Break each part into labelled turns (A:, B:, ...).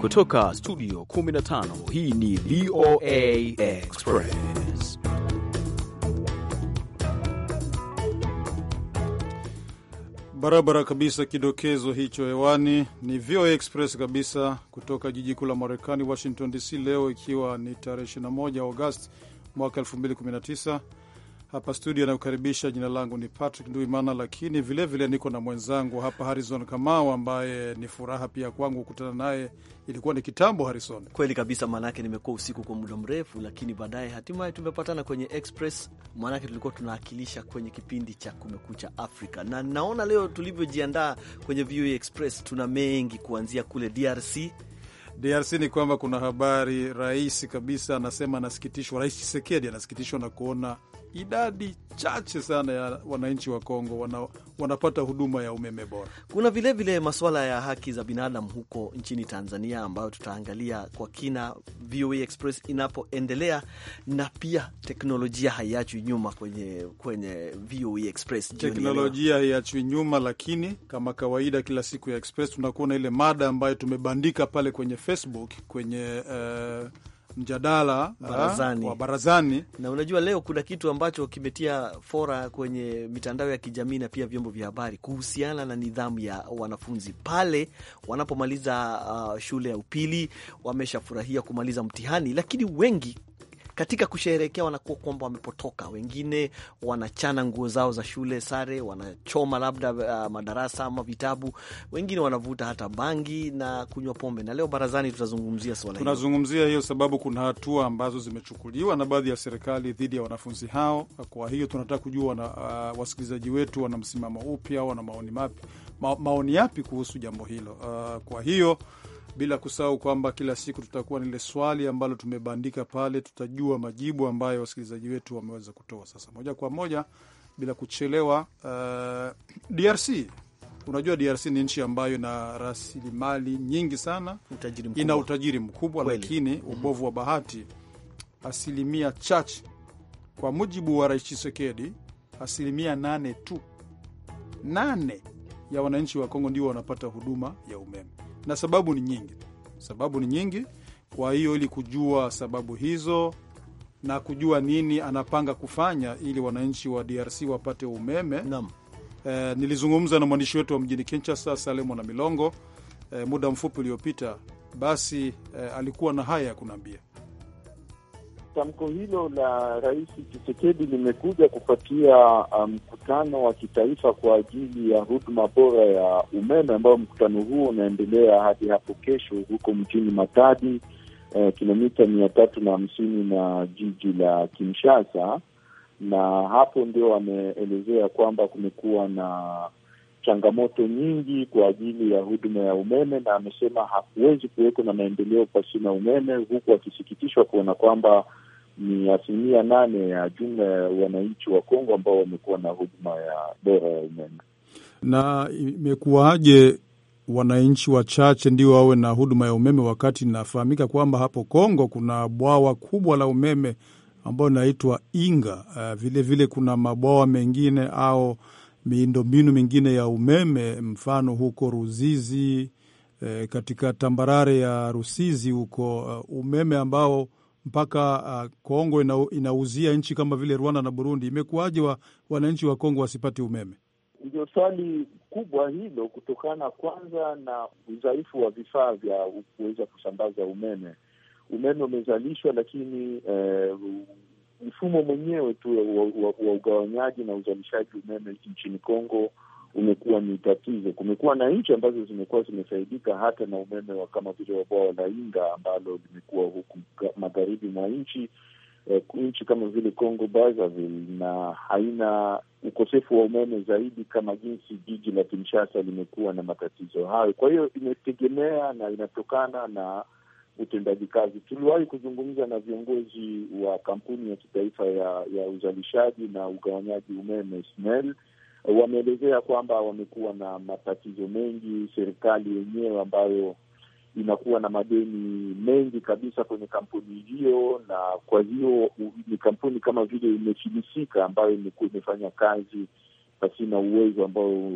A: Kutoka studio 15 hii ni VOA Express.
B: Barabara kabisa, kidokezo hicho hewani ni VOA Express kabisa kutoka jiji kuu la Marekani, Washington DC. Leo ikiwa ni tarehe 21 Agosti mwaka 2019 hapa studio anayokaribisha. Jina langu ni Patrick Nduimana, lakini vilevile niko na mwenzangu hapa Harrison Kamau, ambaye ni furaha pia kwangu kukutana naye. Ilikuwa ni kitambo, Harrison. Kweli kabisa, maanake nimekuwa usiku kwa muda mrefu, lakini
A: baadaye hatimaye tumepatana kwenye Express, maanake tulikuwa tunaakilisha kwenye kipindi cha Kumekucha Afrika, na naona leo tulivyojiandaa kwenye VOA Express tuna mengi, kuanzia kule
B: DRC DRC ni kwamba kuna habari, rais kabisa anasema anasikitishwa, Rais Chisekedi anasikitishwa na kuona idadi chache sana ya wananchi wa Kongo wana, wanapata huduma ya umeme bora. Kuna vilevile masuala ya haki za binadamu huko
A: nchini Tanzania ambayo tutaangalia kwa kina VOA Express inapoendelea, na pia teknolojia haiachwi nyuma kwenye, kwenye VOA Express. Teknolojia
B: haiachwi nyuma, lakini kama kawaida, kila siku ya Express tunakuwa na ile mada ambayo tumebandika pale kwenye Facebook kwenye uh, mjadala ah, barazani. Ha, wa barazani. Na unajua leo kuna kitu ambacho kimetia fora kwenye mitandao ya
A: kijamii na pia vyombo vya habari kuhusiana na nidhamu ya wanafunzi pale wanapomaliza uh, shule ya upili, wameshafurahia kumaliza mtihani, lakini wengi katika kusherehekea wanakuwa kwamba wamepotoka. Wengine wanachana nguo zao za shule, sare, wanachoma labda uh, madarasa ama vitabu, wengine wanavuta hata bangi na kunywa pombe, na leo barazani tutazungumzia swala Tunazungumzia
B: hiyo sababu kuna hatua ambazo zimechukuliwa na baadhi ya serikali dhidi ya wanafunzi hao. Kwa hiyo tunataka kujua wana, uh, wasikilizaji wetu wana msimamo upi au wana maoni mapi, ma, maoni yapi kuhusu jambo hilo uh, kwa hiyo bila kusahau kwamba kila siku tutakuwa nile ile swali ambalo tumebandika pale, tutajua majibu ambayo wasikilizaji wetu wameweza kutoa. Sasa moja kwa moja bila kuchelewa, uh, DRC Unajua, DRC ni nchi ambayo ina rasilimali nyingi sana, utajiri ina utajiri mkubwa Kweli. Lakini mm-hmm. ubovu wa bahati, asilimia chache, kwa mujibu wa Rais Chisekedi, asilimia nane tu nane ya wananchi wa Kongo ndio wanapata huduma ya umeme na sababu ni nyingi, sababu ni nyingi. Kwa hiyo ili kujua sababu hizo na kujua nini anapanga kufanya ili wananchi wa DRC wapate umeme Naam. E, nilizungumza na mwandishi wetu wa mjini Kinshasa Salemo na Milongo e, muda mfupi uliopita, basi e, alikuwa na haya ya kunaambia tamko
C: hilo la Rais chisekedi limekuja kufuatia um, mkutano um, wa kitaifa kwa ajili ya huduma bora ya umeme ambayo mkutano huo unaendelea hadi hapo kesho huko mjini Matadi, eh, kilomita mia tatu na hamsini na jiji la Kinshasa, na hapo ndio wameelezea kwamba kumekuwa na changamoto nyingi kwa ajili ya huduma ya umeme, na amesema hakuwezi kuweko na maendeleo pasi na umeme, huku akisikitishwa kuona kwamba ni asilimia nane ya jumla ya wananchi wa Kongo ambao wamekuwa na huduma ya bora
B: ya umeme. Na imekuwaje wananchi wachache ndio wawe na huduma ya umeme, wakati inafahamika kwamba hapo Kongo kuna bwawa kubwa la umeme ambayo inaitwa Inga. Vilevile eh, uh, vile kuna mabwawa mengine au miundombinu mingine ya umeme, mfano huko Ruzizi eh, katika tambarare ya Rusizi huko, uh, umeme ambao mpaka uh, Kongo ina, inauzia nchi kama vile Rwanda na Burundi. Imekuwaje wa, wananchi wa Kongo wasipati umeme?
C: Ndio swali kubwa hilo, kutokana kwanza na udhaifu wa vifaa vya kuweza kusambaza umeme. Umeme umezalishwa lakini eh, mfumo mwenyewe tu wa, wa, wa ugawanyaji na uzalishaji umeme nchini Kongo umekuwa ni tatizo. Kumekuwa na nchi ambazo zimekuwa zimefaidika hata na umeme wa kama vile wa bwawa la Inga ambalo limekuwa huku magharibi mwa nchi eh, nchi kama vile Congo Brazzaville, na haina ukosefu wa umeme zaidi kama jinsi jiji la Kinshasa limekuwa na matatizo hayo. Kwa hiyo imetegemea na inatokana na utendaji kazi. Tuliwahi kuzungumza na viongozi wa kampuni ya kitaifa ya, ya uzalishaji na ugawanyaji umeme SNEL wameelezea kwamba wamekuwa na matatizo mengi, serikali yenyewe ambayo inakuwa na madeni mengi kabisa kwenye kampuni hiyo, na kwa hiyo ni kampuni kama vile imefilisika, ambayo imekuwa imefanya kazi pasina uwezo ambao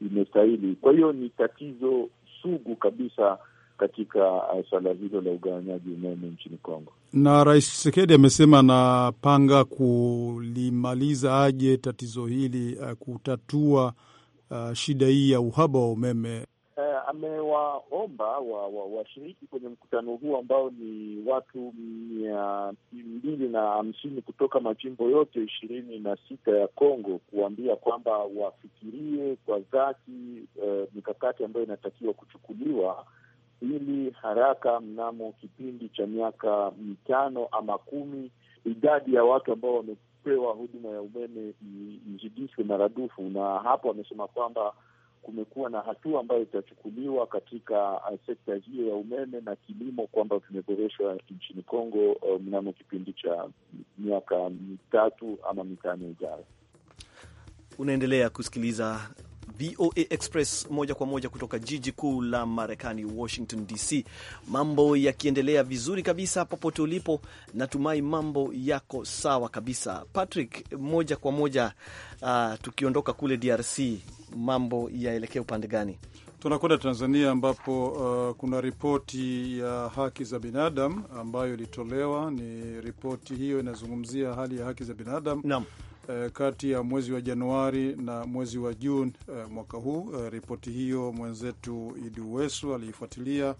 C: imestahili. Kwa hiyo ni tatizo sugu kabisa katika uh, suala hilo la ugawanyaji umeme nchini Kongo.
B: Na Rais Tshisekedi amesema anapanga kulimaliza aje tatizo hili, uh, kutatua uh, shida hii ya uhaba wa umeme. Uh,
C: amewaomba washiriki wa, wa kwenye mkutano huu ambao ni watu mia mbili na hamsini kutoka majimbo yote ishirini na sita ya Kongo kuambia kwamba wafikirie kwa dhati uh, mikakati ambayo inatakiwa kuchukuliwa ili haraka mnamo kipindi cha miaka mitano ama kumi idadi ya watu ambao wamepewa huduma ya umeme izidishwe maradufu. Na hapo amesema kwamba kumekuwa na hatua ambayo itachukuliwa katika uh, sekta hiyo ya umeme na kilimo, kwamba vimeboreshwa nchini Kongo uh, mnamo kipindi cha miaka mitatu ama mitano ijayo.
A: Unaendelea kusikiliza VOA Express moja kwa moja kutoka jiji kuu la Marekani, Washington DC. Mambo yakiendelea vizuri kabisa popote ulipo, natumai mambo yako sawa kabisa. Patrick, moja kwa moja uh, tukiondoka kule DRC, mambo yaelekea upande gani?
B: Tunakwenda Tanzania ambapo uh, kuna ripoti ya haki za binadamu ambayo ilitolewa. Ni ripoti hiyo inazungumzia hali ya haki za binadamu eh, kati ya mwezi wa Januari na mwezi wa Juni eh, mwaka huu eh, ripoti hiyo mwenzetu Idi Uwesu aliifuatilia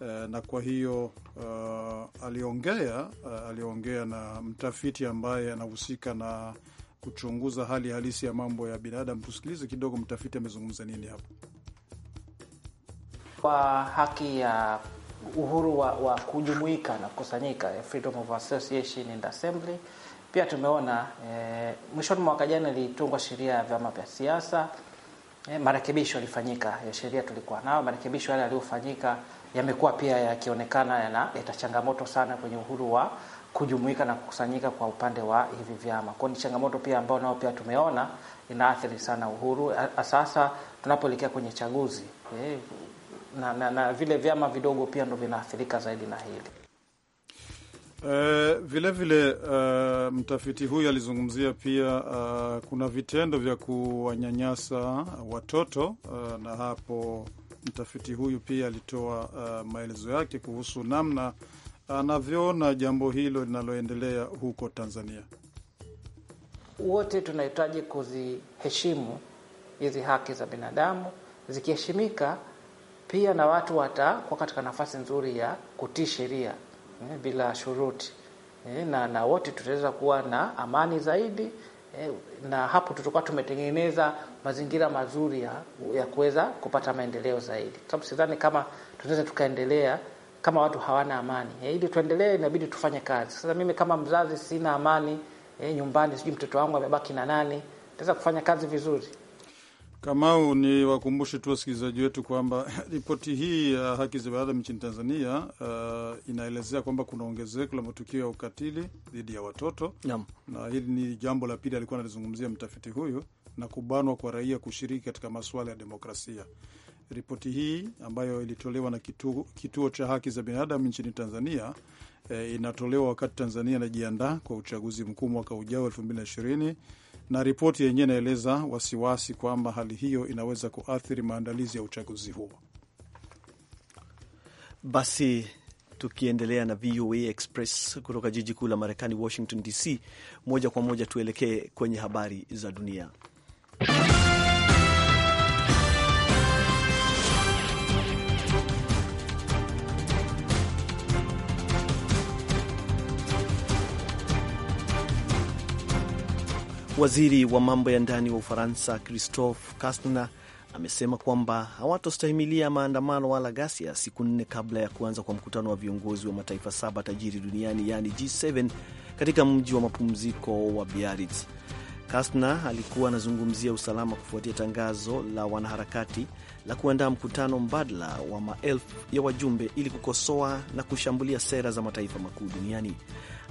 B: eh, na kwa hiyo uh, aliongea uh, aliongea na mtafiti ambaye anahusika na kuchunguza hali halisi ya mambo ya binadamu. Tusikilize kidogo mtafiti amezungumza nini hapo.
D: Kwa haki ya uhuru wa, wa kujumuika na kukusanyika, eh, freedom of association and assembly pia tumeona e, mwishoni mwa mwaka jana ilitungwa sheria ya vyama vya siasa e, marekebisho yalifanyika ya sheria tulikuwa nayo. Marekebisho yale yaliyofanyika yamekuwa pia yakionekana yana changamoto sana kwenye uhuru wa kujumuika na kukusanyika kwa upande wa hivi vyama. Kwa ni changamoto pia ambayo nao pia tumeona inaathiri sana uhuru. Sasa tunapoelekea kwenye chaguzi e, na, na, na vile vyama vidogo pia ndo vinaathirika zaidi na hili.
B: Vilevile eh, vile, uh, mtafiti huyu alizungumzia pia uh, kuna vitendo vya kuwanyanyasa watoto uh, na hapo mtafiti huyu pia alitoa uh, maelezo yake kuhusu namna anavyoona uh, jambo hilo linaloendelea huko Tanzania.
D: Wote tunahitaji kuziheshimu hizi haki za binadamu, zikiheshimika pia na watu watakuwa katika nafasi nzuri ya kutii sheria eh, bila shuruti eh, na, na wote tutaweza kuwa na amani zaidi eh, na hapo tutakuwa tumetengeneza mazingira mazuri ya, ya kuweza kupata maendeleo zaidi, kwa sababu sidhani kama tunaweza tukaendelea kama watu hawana amani eh, ili tuendelee inabidi tufanye kazi. Sasa mimi kama mzazi sina amani eh, nyumbani, sijui mtoto wangu amebaki na nani, taweza kufanya kazi vizuri?
B: Kamau, ni wakumbushe tu wasikilizaji wetu kwamba ripoti hii ya uh, haki za binadamu nchini Tanzania uh, inaelezea kwamba kuna ongezeko la matukio ya ukatili dhidi ya watoto Yam. na hili ni jambo la pili alikuwa analizungumzia mtafiti huyu, na kubanwa kwa raia kushiriki katika masuala ya demokrasia. Ripoti hii ambayo ilitolewa na kituo, kituo cha haki za binadamu nchini Tanzania eh, inatolewa wakati Tanzania inajiandaa kwa uchaguzi mkuu mwaka ujao elfu mbili na ishirini na ripoti yenyewe inaeleza wasiwasi kwamba hali hiyo inaweza kuathiri maandalizi ya uchaguzi huo.
A: Basi tukiendelea na VOA Express kutoka jiji kuu la Marekani, Washington DC, moja kwa moja tuelekee kwenye habari za dunia. Waziri wa mambo ya ndani wa Ufaransa Christophe Castaner amesema kwamba hawatostahimilia maandamano wala ghasia siku nne kabla ya kuanza kwa mkutano wa viongozi wa mataifa saba tajiri duniani yaani G7 katika mji wa mapumziko wa Biarritz. Kastner alikuwa anazungumzia usalama kufuatia tangazo la wanaharakati la kuandaa mkutano mbadala wa maelfu ya wajumbe ili kukosoa na kushambulia sera za mataifa makuu duniani.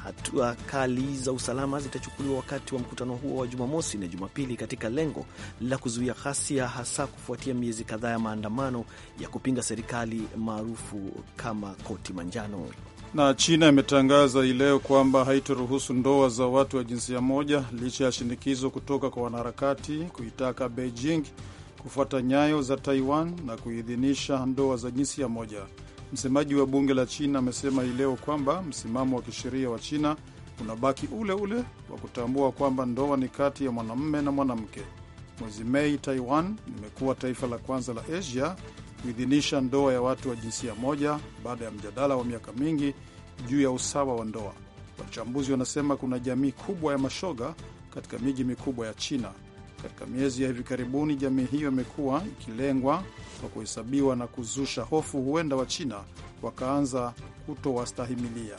A: Hatua kali za usalama zitachukuliwa wakati wa mkutano huo wa Jumamosi na Jumapili katika lengo la kuzuia ghasia, hasa kufuatia miezi kadhaa ya maandamano ya kupinga serikali maarufu kama koti manjano.
B: Na China imetangaza hii leo kwamba haitoruhusu ndoa za watu wa jinsia moja licha ya shinikizo kutoka kwa wanaharakati kuitaka Beijing kufuata nyayo za Taiwan na kuidhinisha ndoa za jinsia moja. Msemaji wa bunge la China amesema hii leo kwamba msimamo wa kisheria wa China unabaki ule ule wa kutambua kwamba ndoa ni kati ya mwanamume na mwanamke. Mwezi Mei, Taiwan limekuwa taifa la kwanza la Asia kuidhinisha ndoa ya watu wa jinsia moja baada ya mjadala wa miaka mingi juu ya usawa wa ndoa. Wachambuzi wanasema kuna jamii kubwa ya mashoga katika miji mikubwa ya China katika miezi ya hivi karibuni, jamii hiyo imekuwa ikilengwa kwa kuhesabiwa na kuzusha hofu, huenda Wachina wakaanza kutowastahimilia.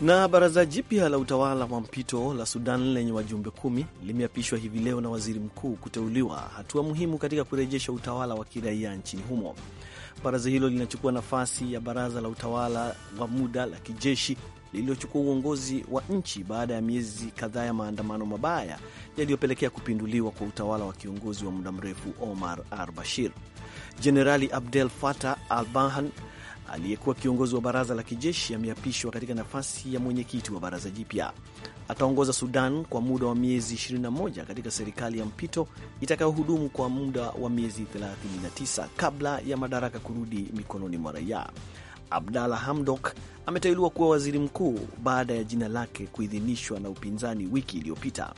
A: Na baraza jipya la utawala wa mpito la Sudan lenye wajumbe kumi limeapishwa hivi leo na waziri mkuu kuteuliwa, hatua muhimu katika kurejesha utawala wa kiraia nchini humo. Baraza hilo linachukua nafasi ya baraza la utawala wa muda la kijeshi lililochukua uongozi wa nchi baada ya miezi kadhaa ya maandamano mabaya yaliyopelekea kupinduliwa kwa utawala wa kiongozi wa muda mrefu Omar al-Bashir. Jenerali Abdel Fattah al-Burhan aliyekuwa kiongozi wa baraza la kijeshi ameapishwa katika nafasi ya mwenyekiti wa baraza jipya. Ataongoza Sudan kwa muda wa miezi 21 katika serikali ya mpito itakayohudumu kwa muda wa miezi 39 kabla ya madaraka kurudi mikononi mwa raia. Abdalla Hamdok ameteuliwa kuwa waziri mkuu baada ya jina lake kuidhinishwa na upinzani wiki iliyopita.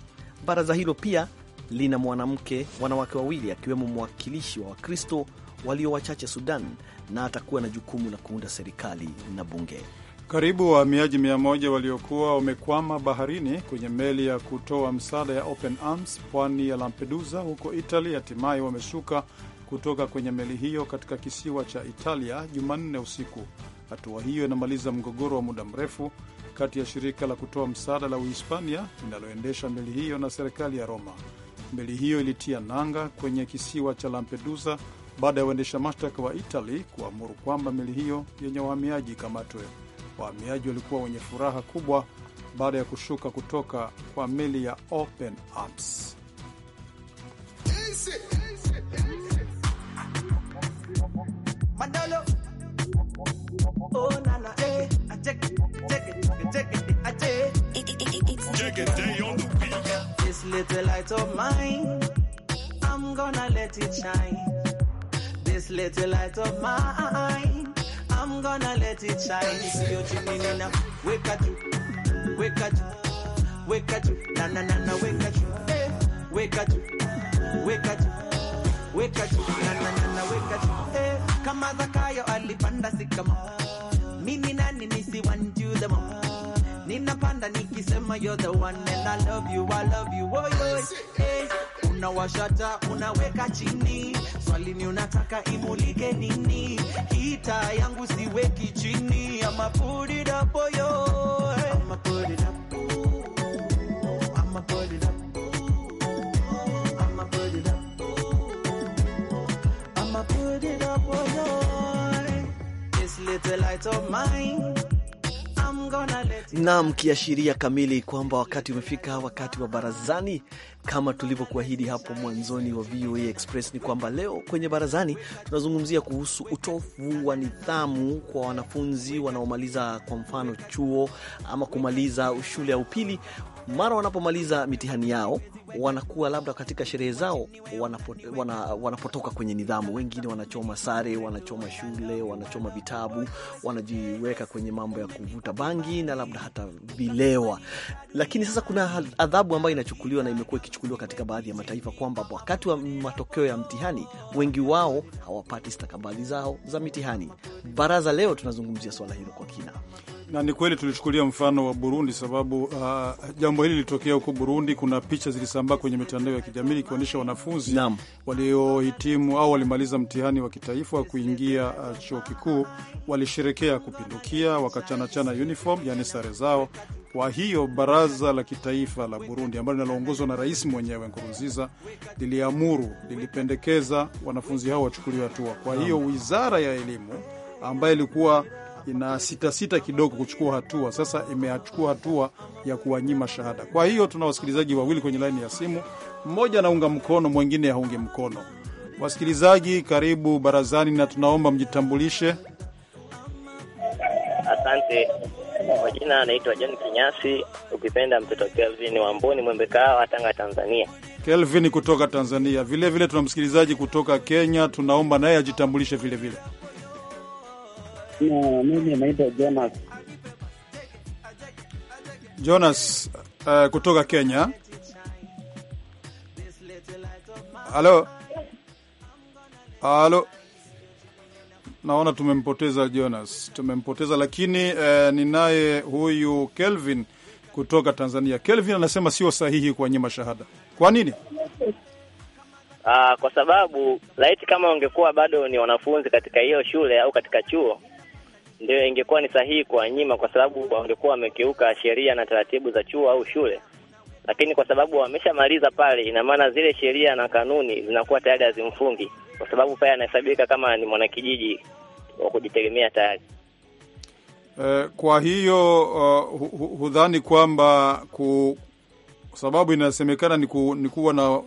A: Baraza hilo pia lina mwanamke wanawake wawili akiwemo mwakilishi wa Wakristo walio wachache Sudan, na atakuwa na jukumu la kuunda serikali na bunge.
B: Karibu wahamiaji mia moja waliokuwa wamekwama baharini kwenye meli ya kutoa msaada ya Open Arms pwani ya Lampedusa huko Italy hatimaye wameshuka kutoka kwenye meli hiyo katika kisiwa cha Italia Jumanne usiku. Hatua hiyo inamaliza mgogoro wa muda mrefu kati ya shirika la kutoa msaada la Uhispania linaloendesha meli hiyo na serikali ya Roma. Meli hiyo ilitia nanga kwenye kisiwa cha Lampedusa baada ya waendesha mashtaka wa Itali kuamuru kwamba meli hiyo yenye wahamiaji ikamatwe. Wahamiaji walikuwa wenye furaha kubwa baada ya kushuka kutoka kwa meli ya Open Arms.
E: the light of mine. I'm gonna let it shine. This little light of mine. I'm gonna let it shine. It's your chimney wake wake na na na na, wake up, hey. wake up, wake wake na na na na, wake up, hey. Kama Zakayo alipanda sikama, mimi nani nisiwanjudama ninapanda nikisema you're the one and I love you, I love you, oh, oh, eh, hey. Unawashata unaweka chini, swali ni unataka imulike nini? Kita yangu siweki chini, ama put it up, for you, hey. ama put it up, oh, ama put it up. Put it up, oh, This little light of mine Naam, kiashiria
A: kamili kwamba wakati umefika, wakati wa barazani. Kama tulivyokuahidi hapo mwanzoni wa VOA Express ni kwamba leo kwenye barazani tunazungumzia kuhusu utofu wa nidhamu kwa wanafunzi wanaomaliza kwa mfano chuo ama kumaliza shule ya upili mara wanapomaliza mitihani yao wanakuwa labda katika sherehe zao wanapo, wana, wanapotoka kwenye nidhamu. Wengine wanachoma sare, wanachoma shule, wanachoma vitabu, wanajiweka kwenye mambo ya kuvuta bangi na labda hata vilewa. Lakini sasa kuna adhabu ambayo inachukuliwa na imekuwa ikichukuliwa katika baadhi ya mataifa kwamba wakati wa matokeo ya mtihani wengi wao hawapati stakabadhi zao za mitihani. Baraza leo tunazungumzia swala hilo kwa kina
B: na ni kweli tulichukulia mfano wa Burundi sababu uh, jambo hili lilitokea huko Burundi. Kuna picha zilisambaa kwenye mitandao ya kijamii ikionyesha wanafunzi waliohitimu au walimaliza mtihani wa kitaifa wa kuingia uh, chuo kikuu walisherekea kupindukia, wakachanachana uniform, yani sare zao. Kwa hiyo baraza la kitaifa la Burundi ambalo linaloongozwa na rais mwenyewe Nkurunziza liliamuru, lilipendekeza wanafunzi hao wachukuliwe hatua. Kwa hiyo wizara ya elimu ambayo ilikuwa ina sita kidogo kuchukua hatua. Sasa imechukua hatua ya kuwanyima shahada. Kwa hiyo tuna wasikilizaji wawili kwenye laini ya simu, mmoja anaunga mkono, mwingine haungi mkono. Wasikilizaji, karibu barazani na tunaomba mjitambulishe.
F: Asante. Kwa jina anaitwa John Kinyasi, ukipenda mtoto Kelvin wa Mboni Mwembe Kahawa, Tanga, Tanzania.
B: Kelvin kutoka Tanzania. Vilevile tuna msikilizaji kutoka Kenya, tunaomba naye ajitambulishe vilevile vile
G: mimi naitwa Jonas
B: Jonas, uh, kutoka Kenya. Halo, halo, naona tumempoteza Jonas, tumempoteza lakini, uh, ninaye huyu Kelvin kutoka Tanzania. Kelvin anasema sio sahihi kuwanyima shahada. Kwa nini?
F: Aa, ah, kwa sababu laiti kama ungekuwa bado ni wanafunzi katika hiyo shule au katika chuo ndio ingekuwa ni sahihi kuwanyima, kwa sababu wangekuwa wamekeuka sheria na taratibu za chuo au shule. Lakini kwa sababu wameshamaliza pale, ina maana zile sheria na kanuni zinakuwa tayari hazimfungi, kwa sababu pale anahesabika kama ni mwanakijiji wa kujitegemea tayari.
B: Eh, kwa hiyo uh, hu, hu, hudhani kwamba ku sababu inasemekana ni, ku, ni kuwa na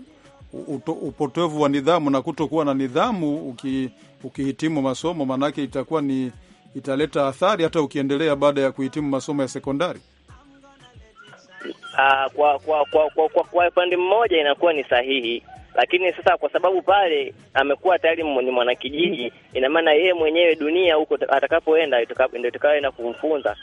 B: uto, upotevu wa nidhamu na kutokuwa na nidhamu uki, ukihitimu masomo maanake itakuwa ni italeta athari hata ukiendelea baada ya kuhitimu masomo ya sekondari?
F: Uh, kwa kwa kwa kwa, kwa, kwa upande mmoja inakuwa ni sahihi, lakini sasa kwa sababu pale amekuwa tayari ni mwanakijiji, ina maana yeye mwenyewe dunia huko atakapoenda ndio itakayoenda kumfunza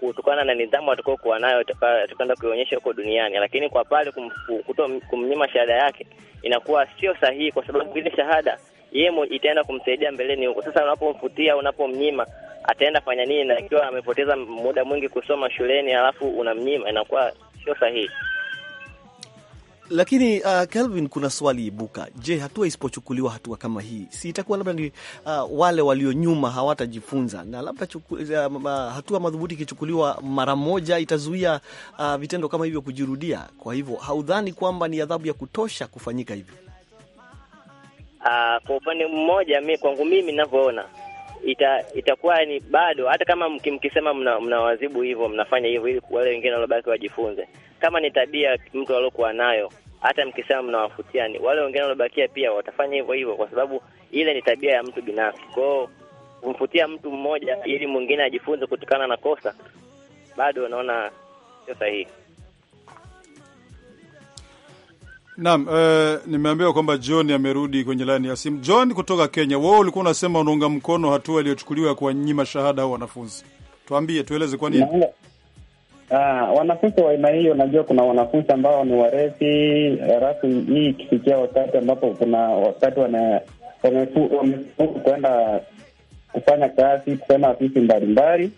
F: kutokana na nidhamu atakayokuwa nayo atakaenda kuionyesha huko duniani. Lakini kwa pale kum, kuto kumnyima shahada yake inakuwa sio sahihi, kwa sababu ile shahada yeye itaenda kumsaidia mbeleni huko. Sasa unapomfutia, unapomnyima, ataenda fanya nini? Na ikiwa amepoteza muda mwingi kusoma shuleni, alafu unamnyima, inakuwa sio sahihi.
A: Lakini uh, Kelvin, kuna swali ibuka. Je, hatua isipochukuliwa hatua kama hii, si itakuwa labda ni uh, wale walio nyuma hawatajifunza, na labda chuku, uh, hatua madhubuti ikichukuliwa mara moja itazuia uh, vitendo kama hivyo kujirudia. Kwa hivyo haudhani kwamba ni adhabu ya kutosha kufanyika hivyo?
F: Uh, kwa upande mmoja mi kwangu mimi ninavyoona ita, itakuwa ni bado, hata kama mkisema mnawazibu mna hivyo mnafanya hivyo ili wale wengine waliobaki wajifunze, kama ni tabia mtu aliokuwa nayo, hata mkisema mnawafutia, ni wale wengine waliobakia pia watafanya hivyo hivyo, kwa sababu ile ni tabia ya mtu binafsi. Kwa kumfutia mtu mmoja ili mwingine ajifunze kutokana na kosa, bado naona sio sahihi.
B: Naam, uh, nimeambiwa kwamba John amerudi kwenye laini ya simu. John kutoka Kenya, wewe ulikuwa unasema unaunga mkono hatua iliyochukuliwa ya nyima shahada au wanafunzi. Tuambie, tueleze kwa nini ah,
G: wanafunzi wa aina hiyo. Najua kuna wanafunzi ambao ni warefi eh, rafu hii ikifikia wakati ambapo kuna wakati wamefuzu kuenda kufanya kazi, kusema afisi mbalimbali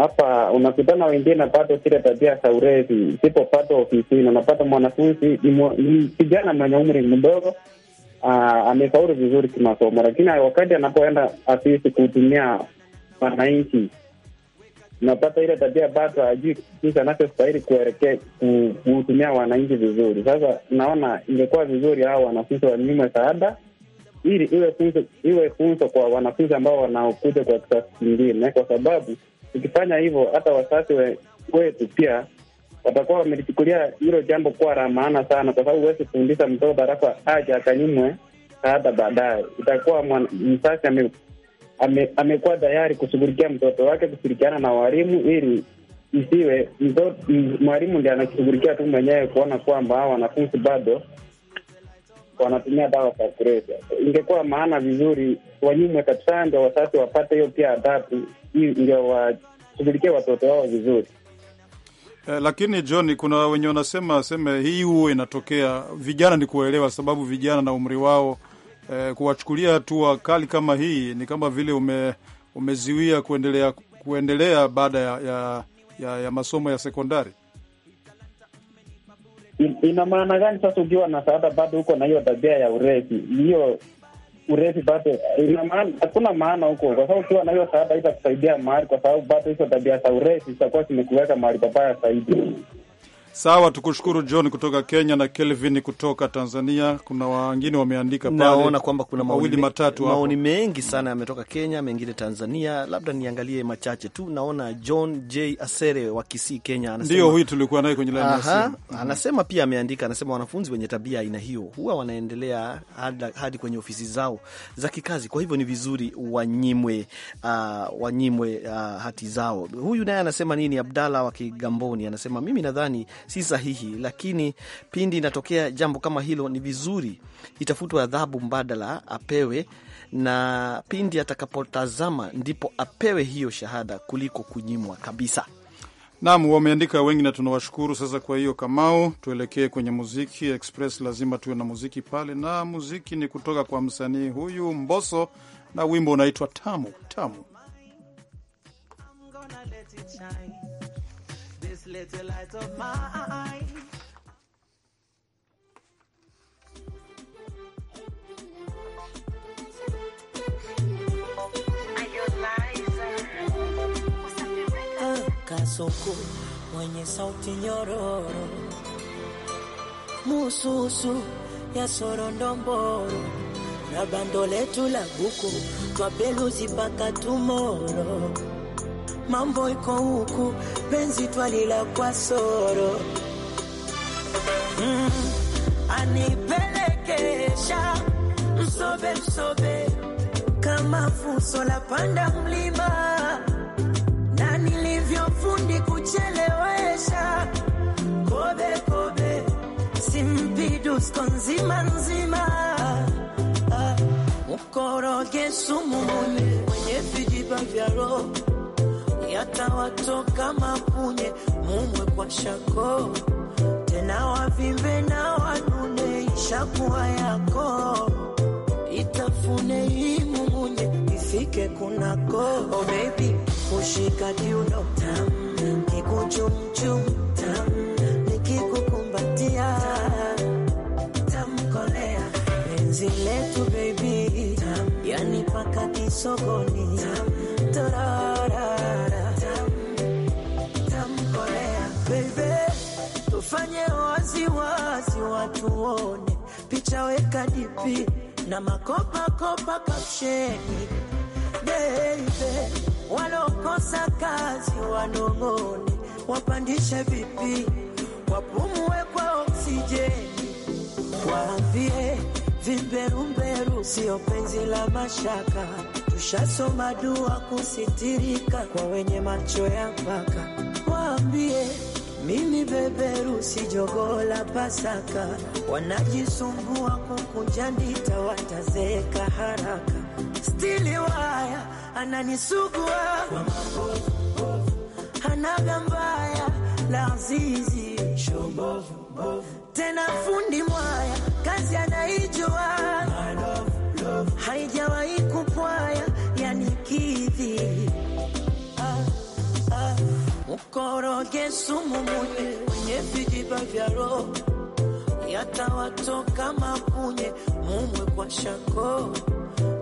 G: hapa unakutana wengine bado kile tabia za urevi isipopatwa ofisini. Unapata mwanafunzi ni kijana mwenye umri mdogo, ah, amefaulu vizuri kimasomo, lakini wakati anapoenda afisi kuhudumia wananchi, unapata ile tabia bado ajui jinsi anachostahili kuelekea kuhudumia wananchi vizuri. Sasa naona ingekuwa vizuri hao wanafunzi wanyimwe saada ili iwe funzo, iwe funzo kwa wanafunzi ambao wanaokuja kwa kisasi kingine, kwa sababu Tukifanya hivyo, hata wasasi wetu pia watakuwa wamelichukulia hilo jambo kuwa la maana sana, kwa sababu huwezi kufundisha mtoto halafu aje akanyimwe hata baadaye. Itakuwa amekuwa ame, ame, tayari kushughulikia mtoto wake, kushirikiana na walimu ili isiwe mwalimu ndi anashughulikia tu mwenyewe kuona kwamba hao wanafunzi bado wanatumia dawa za kulevya. Ingekuwa maana vizuri wanyume kabisa, ndio wasasi wapate hiyo pia adhabu hii, ndio washughulikie watoto wao vizuri.
B: Eh, lakini John, kuna wenye wanasema seme hii huo inatokea vijana, ni kuwaelewa sababu vijana na umri wao eh, kuwachukulia hatua kali kama hii ni kama vile ume, umeziwia kuendelea kuendelea baada ya, ya, ya, ya masomo ya sekondari
G: ina maana gani sasa ukiwa na saada bado huko na hiyo tabia ya urefi hiyo urefi bado ina maana, hakuna maana huko, kwa sababu ukiwa na hiyo saada itakusaidia mahali, kwa sababu bado hizo tabia za urefi zitakuwa zimekuweka mahali pabaya zaidi.
B: Sawa, tukushukuru John kutoka Kenya na Kelvin kutoka Tanzania. Kuna wengine wameandika pale, naona kwamba kuna mawili matatu hapo, maoni
A: mengi sana yametoka Kenya, mengine Tanzania. Labda niangalie machache tu. Naona John J Asere wa Kisii, Kenya, anasema ndio huyu tulikuwa naye kwenye laini ya simu. Mhm. Anasema pia ameandika, anasema wanafunzi wenye tabia aina hiyo huwa wanaendelea hadi kwenye ofisi zao za kikazi, kwa hivyo ni vizuri wanyimwe, uh, wanyimwe uh, hati zao. Huyu naye anasema nini? Abdalla wa Kigamboni anasema mimi nadhani si sahihi, lakini pindi inatokea jambo kama hilo, ni vizuri itafutwa adhabu mbadala apewe, na pindi atakapotazama
B: ndipo apewe hiyo shahada kuliko kunyimwa kabisa. Naam, wameandika wengi na tunawashukuru. Sasa kwa hiyo, Kamao, tuelekee kwenye muziki express. Lazima tuwe na muziki pale, na muziki ni kutoka kwa msanii huyu Mboso na wimbo unaitwa tamu tamu.
E: I'm gonna let it shine little light of mine.
H: Ah, Kasoko mwenye sauti nyororo, mususu ya sorondomboro na bando letu la buku twapeluzi mpaka tumoro mambo iko huku, penzi twalila kwa soro mm, anipelekesha msobe msobe kama fuso la panda mlima na nilivyofundi kuchelewesha kobe kobe simpidusko nzima nzima ah, ukoroge sumu mwenye vijiba vya roho yatawatoka mapunye, mumwe kwa shako tena, wavimbe na wanune, ishakuwa yako itafune imumunye ifike kunako. Oh baby kushika kiuno tam, kikuchumchum tam, nikikukumbatia tamkolea, penzi letu baby yani paka kisogoni tuone picha, weka dipi na makopa kopa kapsheni. Baby, walokosa kazi wanong'one, wapandishe vipi, wapumue kwa oksijeni, waambie vimberumberu sio penzi la mashaka, tushasoma dua kusitirika kwa wenye macho ya mpaka, waambie mimi beberu si jogola Pasaka, wanajisumbua kukunja nitawatazeka haraka. Stili waya ananisugua kwa hanaga mbaya la zizi tena fundi mwaya, kazi anaijua haijawahi kupwaya, yani kidhi mkoroge sumu munye wenye vijiba vya roho yatawatoka mapunye mumwe kwa shako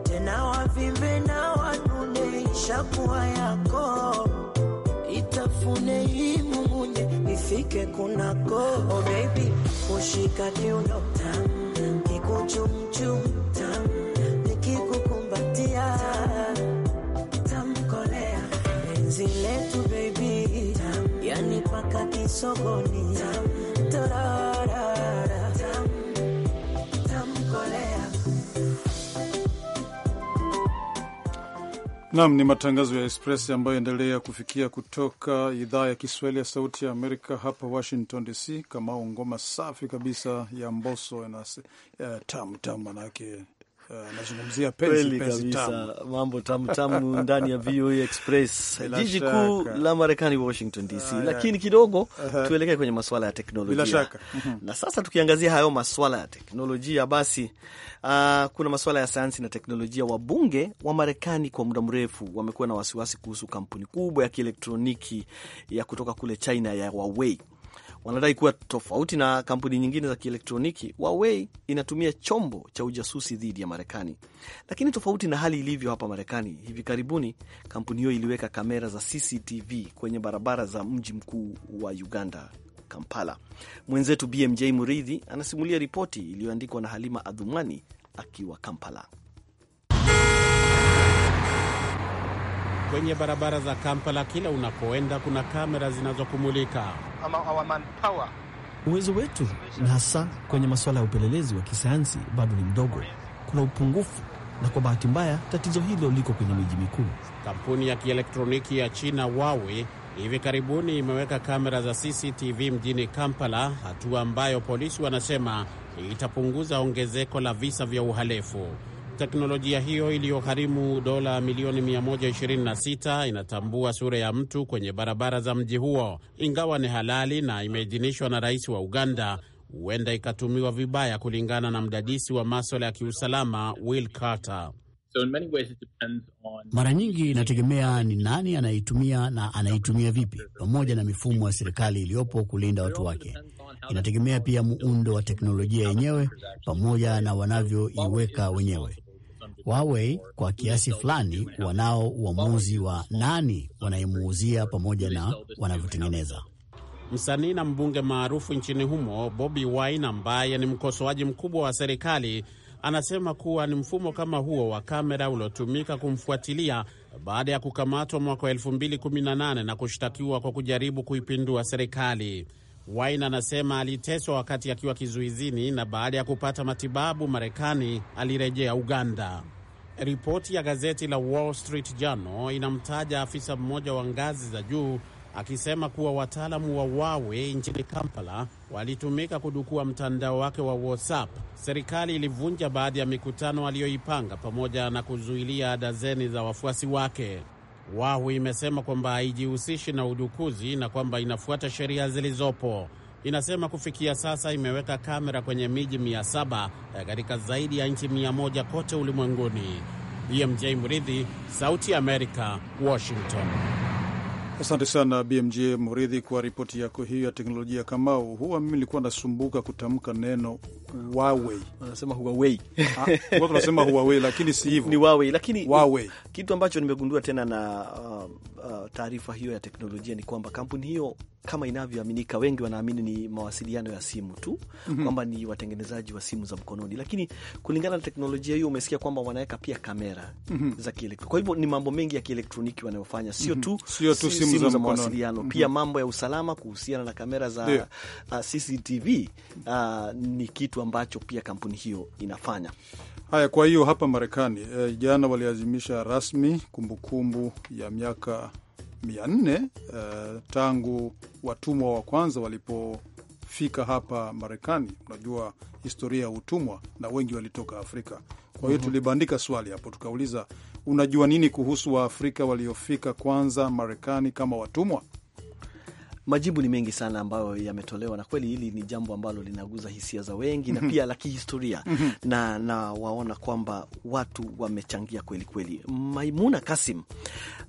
H: tena wavimbe na wanune ishakuwa yako itafune hii mumunye ifike kunako oh baby ushika kiuno tam kikuchumchum tam nikikukumbatia tamkolea enzi letu baby mpaka kisogoni
B: Nam ni matangazo ya Express ambayo yaendelea kufikia kutoka idhaa ya Kiswahili ya Sauti ya Amerika hapa Washington DC. Kamau, ngoma safi kabisa ya Mboso eh, tam tam, manake anazungumzia eh, penzi penzi tamu, mambo tamu tamu ndani ya VOA
A: Express, jiji kuu la Marekani, Washington DC. Ah, Lakini kidogo uh-huh. tuelekee kwenye maswala ya teknolojia. Bila shaka. Mhm. Mhm. Na sasa tukiangazia hayo maswala ya teknolojia basi, uh, kuna masuala ya sayansi na teknolojia. Wabunge wa Marekani kwa muda mrefu wamekuwa na wasiwasi kuhusu kampuni kubwa ya kielektroniki ya kutoka kule China ya Huawei Wanadai kuwa tofauti na kampuni nyingine za kielektroniki, Huawei inatumia chombo cha ujasusi dhidi ya Marekani. Lakini tofauti na hali ilivyo hapa Marekani, hivi karibuni kampuni hiyo iliweka kamera za CCTV kwenye barabara za mji mkuu wa Uganda, Kampala. Mwenzetu BMJ Muridhi anasimulia ripoti iliyoandikwa na
I: Halima Adhumani akiwa Kampala. Kwenye barabara za Kampala, kila unakoenda kuna kamera zinazokumulika.
A: Uwezo wetu na hasa kwenye masuala ya upelelezi wa kisayansi bado ni mdogo, kuna upungufu na kwa bahati mbaya tatizo hilo liko kwenye miji
H: mikuu.
I: Kampuni ya kielektroniki ya China Huawei hivi karibuni imeweka kamera za CCTV mjini Kampala, hatua ambayo polisi wanasema itapunguza ongezeko la visa vya uhalifu. Teknolojia hiyo iliyogharimu dola milioni 126 inatambua sura ya mtu kwenye barabara za mji huo. Ingawa ni halali na imeidhinishwa na rais wa Uganda, huenda ikatumiwa vibaya, kulingana na mdadisi wa maswala ya kiusalama Will Carter. So in many ways it depends on... mara
A: nyingi inategemea ni nani anaitumia na anaitumia vipi, pamoja na mifumo ya serikali iliyopo kulinda watu wake. Inategemea pia muundo wa teknolojia yenyewe pamoja na wanavyoiweka wenyewe. Huawei kwa kiasi fulani wanao uamuzi wa nani wanayemuuzia pamoja na wanavyotengeneza.
I: Msanii na mbunge maarufu nchini humo Bobi Wine, ambaye ni mkosoaji mkubwa wa serikali, anasema kuwa ni mfumo kama huo wa kamera uliotumika kumfuatilia baada ya kukamatwa mwaka wa 2018 na kushtakiwa kwa kujaribu kuipindua serikali. Wine anasema aliteswa wakati akiwa kizuizini na baada ya kupata matibabu Marekani alirejea Uganda. Ripoti ya gazeti la Wall Street Journal inamtaja afisa mmoja wa ngazi za juu akisema kuwa wataalamu wa Huawei nchini Kampala walitumika kudukua mtandao wake wa WhatsApp. Serikali ilivunja baadhi ya mikutano aliyoipanga pamoja na kuzuilia dazeni za wafuasi wake. Wahu imesema kwamba haijihusishi na udukuzi na kwamba inafuata sheria zilizopo. Inasema kufikia sasa imeweka kamera kwenye miji 7 eh, katika zaidi ya nchi 1 kote ulimwenguni. BMJ Mridhi, Sauti ya Amerika, Washington.
B: Asante sana BMJ Mridhi kwa ripoti yako hiyo ya teknolojia. Kamau, huwa mimi nilikuwa nasumbuka kutamka neno Huawei. Wanasema Huawei. Ah, tunasema Huawei lakini si hivyo. Ni Huawei lakini Huawei. Kitu ambacho
A: nimegundua tena na uh, uh, taarifa hiyo ya teknolojia ni kwamba kampuni hiyo kama inavyoaminika, wengi wanaamini ni mawasiliano ya simu tu mm -hmm. kwamba ni watengenezaji wa simu za mkononi, lakini kulingana na teknolojia hiyo umesikia kwamba wanaweka pia kamera mm -hmm. za kielektroniki. Kwa hivyo ni mambo mengi ya kielektroniki wanayofanya, sio mhm. tu mm -hmm. sio tu simu, simu za mawasiliano mm -hmm. pia mambo ya usalama kuhusiana na kamera za uh, CCTV uh, ni kitu kitu ambacho pia kampuni
B: hiyo inafanya. Haya, kwa hiyo hapa Marekani e, jana waliazimisha rasmi kumbukumbu kumbu ya miaka mia nne e, tangu watumwa wa kwanza walipofika hapa Marekani. Unajua historia ya utumwa na wengi walitoka Afrika. Kwa hiyo mhm. tulibandika swali hapo, tukauliza unajua nini kuhusu Waafrika waliofika kwanza Marekani kama watumwa? Majibu ni mengi
A: sana ambayo yametolewa, na kweli hili ni jambo ambalo linaguza hisia za wengi na mhm. pia la kihistoria mhm. na, na waona kwamba watu wamechangia kweli kweli. Maimuna Kasim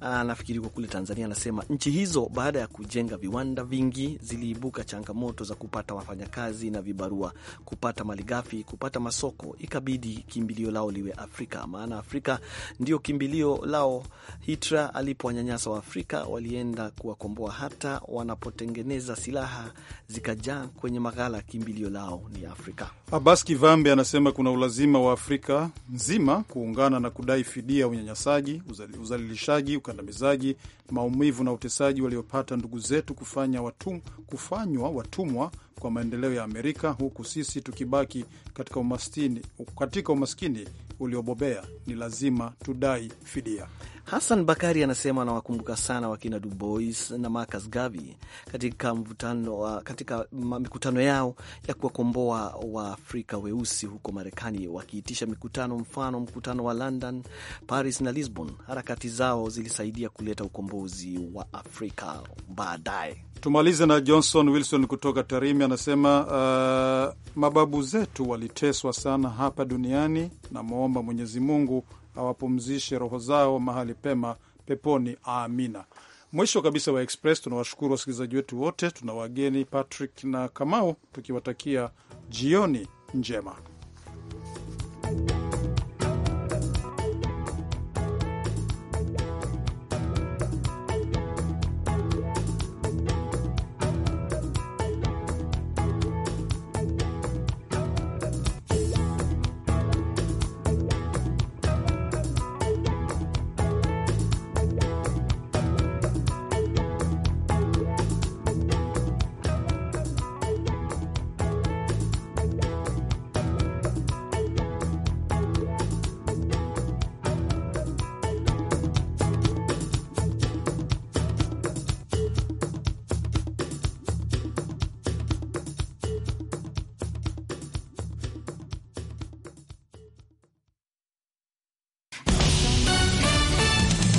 A: anafikiri ah, kwa kule Tanzania, anasema nchi hizo baada ya kujenga viwanda vingi ziliibuka changamoto za kupata wafanyakazi na vibarua, kupata malighafi, kupata masoko, ikabidi kimbilio lao liwe Afrika, maana Afrika ndio kimbilio lao. Hitra alipowanyanyasa afrika walienda kuwakomboa hata wanapo wanapotengeneza
B: silaha zikajaa kwenye maghala, kimbilio lao ni Afrika. Abbas Kivambe anasema kuna ulazima wa Afrika nzima kuungana na kudai fidia unyanyasaji, uzalilishaji, ukandamizaji, maumivu na utesaji waliopata ndugu zetu kufanya watum, kufanywa watumwa kwa maendeleo ya Amerika, huku sisi tukibaki katika umaskini, katika umaskini uliobobea. Ni lazima tudai fidia.
A: Hassan Bakari anasema anawakumbuka sana wakina Du Bois na Marcus Garvey katika mvutano, katika mikutano yao ya kuwakomboa Waafrika weusi huko Marekani, wakiitisha mikutano, mfano mkutano wa London, Paris na Lisbon. Harakati zao zilisaidia kuleta ukombozi wa Afrika baadaye.
B: Tumalize na Johnson Wilson kutoka Tarimi anasema uh, mababu zetu waliteswa sana hapa duniani, namwomba Mwenyezi Mungu awapumzishe roho zao mahali pema peponi, amina. Mwisho kabisa wa Express, tunawashukuru wasikilizaji wetu wote, tuna wageni Patrick na Kamau, tukiwatakia jioni njema.